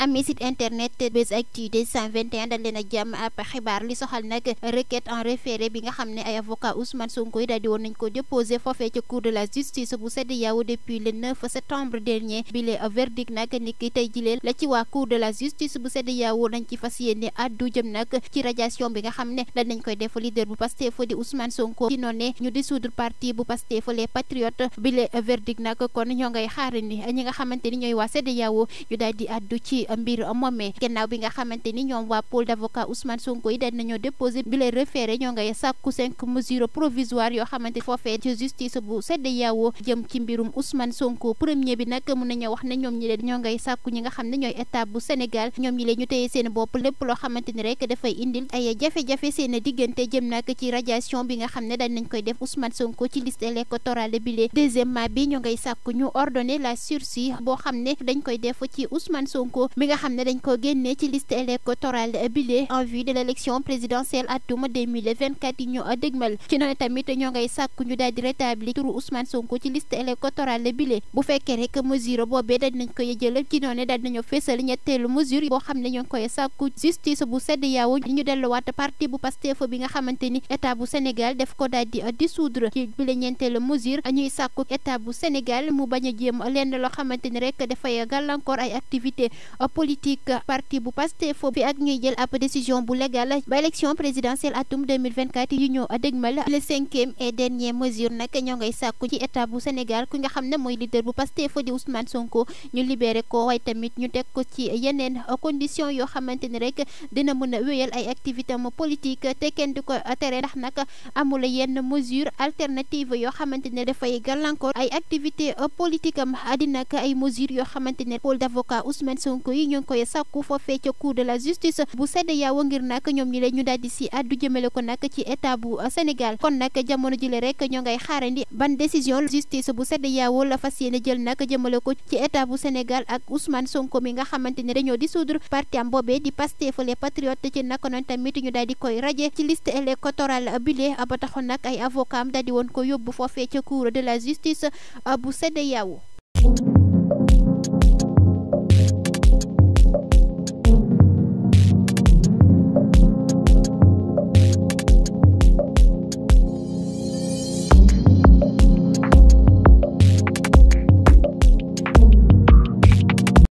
ami site internet Buzz Actu 221 dal leen ak jàmm xibaar li soxal nag requête en référé bi nga xam ne ay avocat Ousmane Sonko yi daal di woon nañ ko déposé foofee ca cour de la justice bu CEDEAO depuis le septembre dernier bi le verdict nag ni tey jilee la ci waa cour de la justice bu CEDEAO dañ ci fas yéene addu jëm nag ci radiation bi nga xam ne dañ nañ koy def leader bu Pastef di Ousmane Sonko ci noonu ñu dissoudre parti bu Euh, mbir moomee gannaaw bi nga xamante ni ñoom waa pôle d' avocat Ousmane Sonko yi dañ nañoo déposé bi lay référé ñoo ngay sàkku cinq mesures provisoires yoo xamante foofee ci justice bu sedd yaawoo e jëm ci mbirum Ousmane Sonko premier bi nag mun nañu wax ne ñoom ñi leen ñoo ngay sàkku ñi nga xam ne ñooy état bu Sénégal ñoom ñi leen ñu téye seen bopp lépp loo xamante ni rek dafay indil ay jafe-jafe seen diggante jëm nag ci rajation bi nga xam ne dañ nañ koy def Ousmane Sonko ci liste électorale bi lee deuxièmement bi ñoo ngay sàkku ñu ordonné la sursis boo xam ne dañ koy def ci Ousmane Sonko bi nga xam ne dañ ko génnee ci liste électorale bile en vue de l' élection présidentielle atum 2024 yi ñu dégmal ci noonu tamit ñoo ngay sàkku ñu daal di turu Ousmane Sonko ci liste électorale bile bu fekkee rek mesure boobee dañ nañ ko yëjël ci noonu daal nañu fésal ñetteelu mesure boo xam ne ñoo ngi koy sàkku justice bu sedd yaaw ñu delluwaat parti bu Pastef bi nga xamante ni état bu Sénégal def ko daal di dissoudre ci bile ñeenteelu mesure ñuy sàkku état bu Sénégal mu bañ a jéem lenn loo xamante ni rek dafay gàllankoor ay activité politique parti bu Pastef fi ak ñuy jël ab décision bu légal ba élection présidentielle atum 2024 yu ñëw dëgmal le cinquième et dernier mesure nag ñoo ngay sàkku ci état bu Sénégal ku nga xam ne mooy leader bu Pastef di Ousmane Sonko ñu libéré ko waaye tamit ñu teg ko ci yeneen condition yoo xamante ni rek dina mën a wéyal ay activité am politique te kenn di ko tere ndax nag amul yenn mesure alternative yoo xamante ne dafay gàllankoor ay activité politique am adina ay mesure yoo xamante ne pôle d'avocat Ousmane Sonko yi ñoo ngi koy sàkku foofee ca cour de la justice bu sedd yaawa ngir nag ñoom ñi le ñu daal si addu jëmale ko nag ci état bu euh, Sénégal kon nag jamono ji le rek ñoo ngay xaarandi ban décision justice bu sedd yaawa la fas yéene jël nag jëmale ko ci état bu Sénégal ak Ousmane Sonko mi nga xamante ne dañoo dissoudre parti am boobee di Pastef les patriotes ci naka noonu tamit ñu daal di koy raje ci liste électorale bile euh, ba taxoon nag ay avocat am daal di woon ko yóbbu foofee ca cour de la justice euh, bu CEDEAO